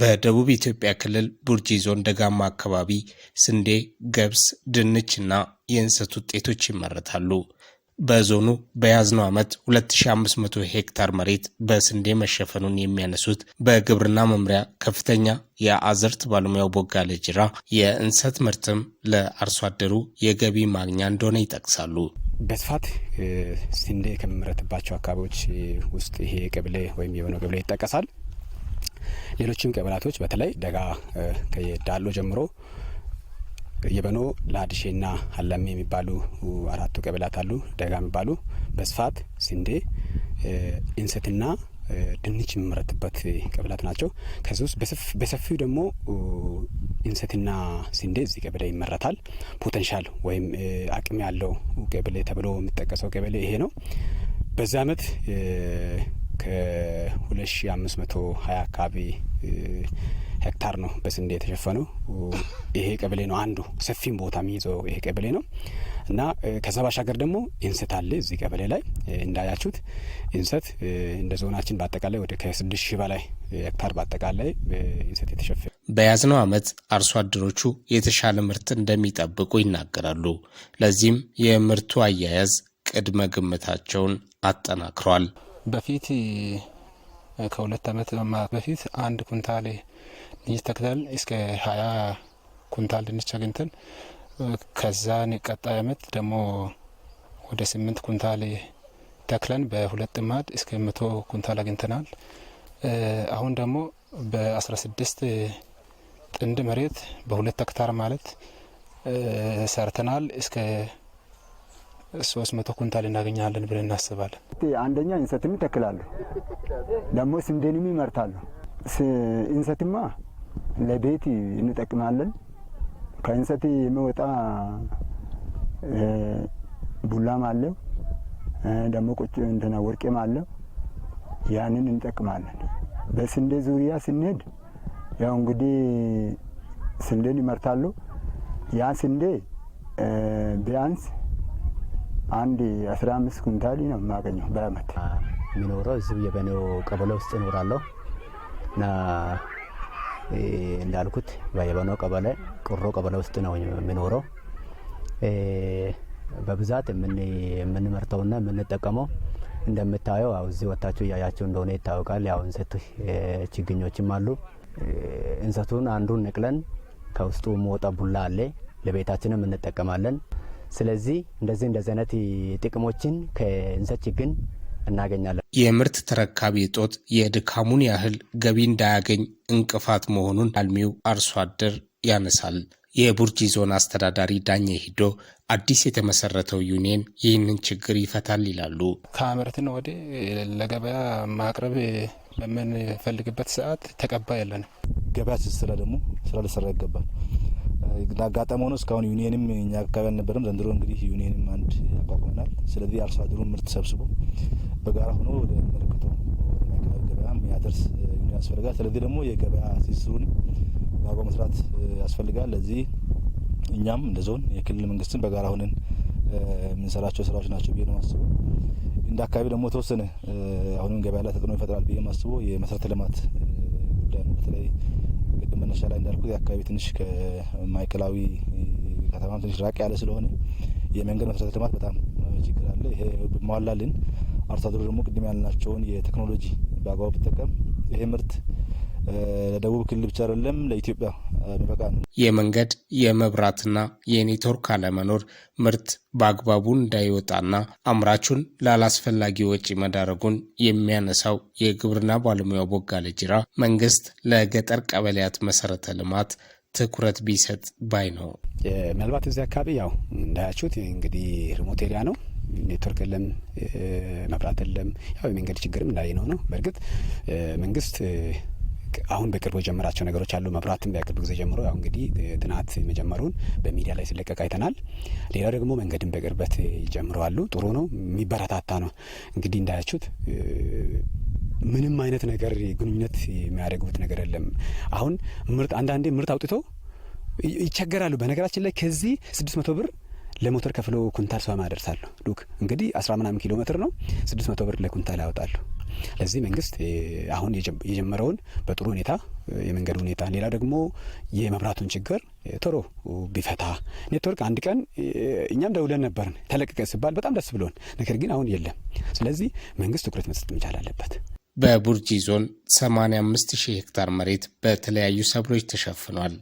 በደቡብ ኢትዮጵያ ክልል ቡርጂ ዞን ደጋማ አካባቢ ስንዴ፣ ገብስ፣ ድንች እና የእንሰት ውጤቶች ይመረታሉ። በዞኑ በያዝነው ዓመት 2500 ሄክታር መሬት በስንዴ መሸፈኑን የሚያነሱት በግብርና መምሪያ ከፍተኛ የአዝርት ባለሙያው ቦጋለ ጅራ የእንሰት ምርትም ለአርሶ አደሩ የገቢ ማግኛ እንደሆነ ይጠቅሳሉ። በስፋት ስንዴ ከሚመረትባቸው አካባቢዎች ውስጥ ይሄ ቅብሌ ወይም የሆነው ቅብሌ ይጠቀሳል። ሌሎችም ቀበላቶች በተለይ ደጋ ከዳሎ ጀምሮ የበኖ ላድሼና አለም የሚባሉ አራቱ ቀበላት አሉ። ደጋ የሚባሉ በስፋት ስንዴ እንሰትና ድንች የሚመረትበት ቀበላት ናቸው። ከዚህ ውስጥ በሰፊው ደግሞ እንሰትና ስንዴ እዚህ ቀበሌ ይመረታል። ፖተንሻል ወይም አቅም ያለው ቀበሌ ተብሎ የሚጠቀሰው ቀበሌ ይሄ ነው። በዚህ አመት ከ2520 አካባቢ ሄክታር ነው በስንዴ የተሸፈነው። ይሄ ቀበሌ ነው አንዱ ሰፊም ቦታ የሚይዘው ይሄ ቀበሌ ነው እና ከዛ ባሻገር ደግሞ እንሰት አለ እዚህ ቀበሌ ላይ እንዳያችሁት እንሰት እንደ ዞናችን በአጠቃላይ ወደ ከስድስት ሺህ በላይ ሄክታር በአጠቃላይ እንሰት የተሸፈነ። በያዝነው ዓመት አርሶ አደሮቹ የተሻለ ምርት እንደሚጠብቁ ይናገራሉ። ለዚህም የምርቱ አያያዝ ቅድመ ግምታቸውን አጠናክረዋል። በፊት ከሁለት ዓመት በፊት አንድ ኩንታል ድንች ተክተል እስከ ሀያ ኩንታል ድንች አግኝተን ከዛን ቀጣይ ዓመት ደግሞ ወደ ስምንት ኩንታል ተክለን በሁለት ጥማድ እስከ መቶ ኩንታል አግኝተናል። አሁን ደግሞ በአስራ ስድስት ጥንድ መሬት በሁለት ተክታር ማለት ሰርተናል እስከ ሶስት መቶ ኩንታል እናገኛለን ብለን እናስባለን። አንደኛ እንሰትም ይተክላሉ፣ ደግሞ ስንዴንም ይመርታሉ። እንሰትማ ለቤት እንጠቅማለን። ከእንሰት የሚወጣ ቡላም አለው፣ ደግሞ ቁጭ እንትና ወርቄም አለው። ያንን እንጠቅማለን። በስንዴ ዙሪያ ስንሄድ ያው እንግዲህ ስንዴን ይመርታሉ። ያ ስንዴ ቢያንስ አንድ አስራ አምስት ኩንታል ነው የማገኘው በአመት። የሚኖረው እዚሁ የበኔው ቀበሌ ውስጥ እኖራለሁ እና እንዳልኩት የበኔው ቀበሌ ቁሮ ቀበሌ ውስጥ ነው የሚኖረው። በብዛት የምንመርተውና የምንጠቀመው እንደምታየው ያው እዚህ ወታችሁ እያያችሁ እንደሆነ ይታወቃል። ያው እንሰት ችግኞችም አሉ። እንሰቱን አንዱን ንቅለን ከውስጡ መወጣ ቡላ አለ። ለቤታችንም እንጠቀማለን። ስለዚህ እንደዚህ እንደዚህ አይነት ጥቅሞችን ከእንሰት ችግኝ እናገኛለን። የምርት ተረካቢ እጦት የድካሙን ያህል ገቢ እንዳያገኝ እንቅፋት መሆኑን አልሚው አርሶ አደር ያነሳል። የቡርጂ ዞን አስተዳዳሪ ዳኘ ሂዶ አዲስ የተመሰረተው ዩኒየን ይህንን ችግር ይፈታል ይላሉ። ከአምርትን ወዲህ ለገበያ ማቅረብ በምንፈልግበት ሰዓት ተቀባይ የለንም። ገበያ ስስራ ደግሞ ስራ ልሰራ ይገባል። እንዳጋጣሚ ሆኖ እስካሁን ዩኒየንም እኛ አካባቢ አልነበረም። ዘንድሮ እንግዲህ ዩኒየንም አንድ ያቋቁመናል። ስለዚህ አርሶ አደሩ ምርት ሰብስቦ በጋራ ሆኖ ወደ መለከተው አካባቢ ገበያ የሚያደርስ ያስፈልጋል። ስለዚህ ደግሞ የገበያ ሲስሩን በአግባቡ መስራት ያስፈልጋል። ለዚህ እኛም እንደ ዞን የክልል መንግስትን በጋራ ሆነን የምንሰራቸው ስራዎች ናቸው ብዬ ነው የማስበው። እንደ አካባቢ ደግሞ ተወሰነ አሁንም ገበያ ላይ ተጽዕኖ ይፈጥራል ብዬ የማስበው የመሰረተ ልማት ጉዳይ ነው በተለይ ቅድም መነሻ ላይ እንዳልኩት የአካባቢ ትንሽ ከማዕከላዊ ከተማ ትንሽ ራቅ ያለ ስለሆነ የመንገድ መሰረተ ልማት በጣም ችግር አለ። ይሄ ሟላልን አርሶ አደሩ ደግሞ ቅድም ያልናቸውን የቴክኖሎጂ በአግባቡ ቢጠቀም ይሄ ምርት ለደቡብ ክልል ብቻ አይደለም ለኢትዮጵያ የሚበቃ ነው። የመንገድ የመብራትና የኔትወርክ አለመኖር ምርት በአግባቡ እንዳይወጣና አምራቹን ላላስፈላጊ ወጪ መዳረጉን የሚያነሳው የግብርና ባለሙያው ቦጋለ ጅራ መንግስት ለገጠር ቀበሌያት መሰረተ ልማት ትኩረት ቢሰጥ ባይ ነው። ምናልባት እዚህ አካባቢ ያው እንዳያችሁት እንግዲህ ሪሞት ኤሪያ ነው። ኔትወርክ የለም፣ መብራት የለም። ያው የመንገድ ችግርም እንዳይ ነው በእርግጥ መንግስት አሁን በቅርቡ የጀመራቸው ነገሮች አሉ። መብራትም በቅርብ ጊዜ ጀምሮ ያው እንግዲህ ጥናት መጀመሩን በሚዲያ ላይ ሲለቀቅ አይተናል። ሌላ ደግሞ መንገድን በቅርበት ጀምረዋሉ። ጥሩ ነው፣ የሚበረታታ ነው። እንግዲህ እንዳያችሁት ምንም አይነት ነገር ግንኙነት የሚያደርጉት ነገር የለም። አሁን ምርት አንዳንዴ ምርት አውጥቶ ይቸገራሉ። በነገራችን ላይ ከዚህ ስድስት መቶ ብር ለሞተር ከፍሎ ኩንታል ሰማ ያደርሳሉ። ዱክ እንግዲህ አስራ ምናምን ኪሎ ሜትር ነው። ስድስት መቶ ብር ለኩንታል ያወጣሉ። ለዚህ መንግስት አሁን የጀመረውን በጥሩ ሁኔታ የመንገድ ሁኔታ፣ ሌላ ደግሞ የመብራቱን ችግር ቶሎ ቢፈታ። ኔትወርክ አንድ ቀን እኛም ደውለን ነበርን ተለቀቀ ሲባል በጣም ደስ ብሎን፣ ነገር ግን አሁን የለም። ስለዚህ መንግስት ትኩረት መስጠት መቻል አለበት። በቡርጂ ዞን 85 ሺህ ሄክታር መሬት በተለያዩ ሰብሎች ተሸፍኗል።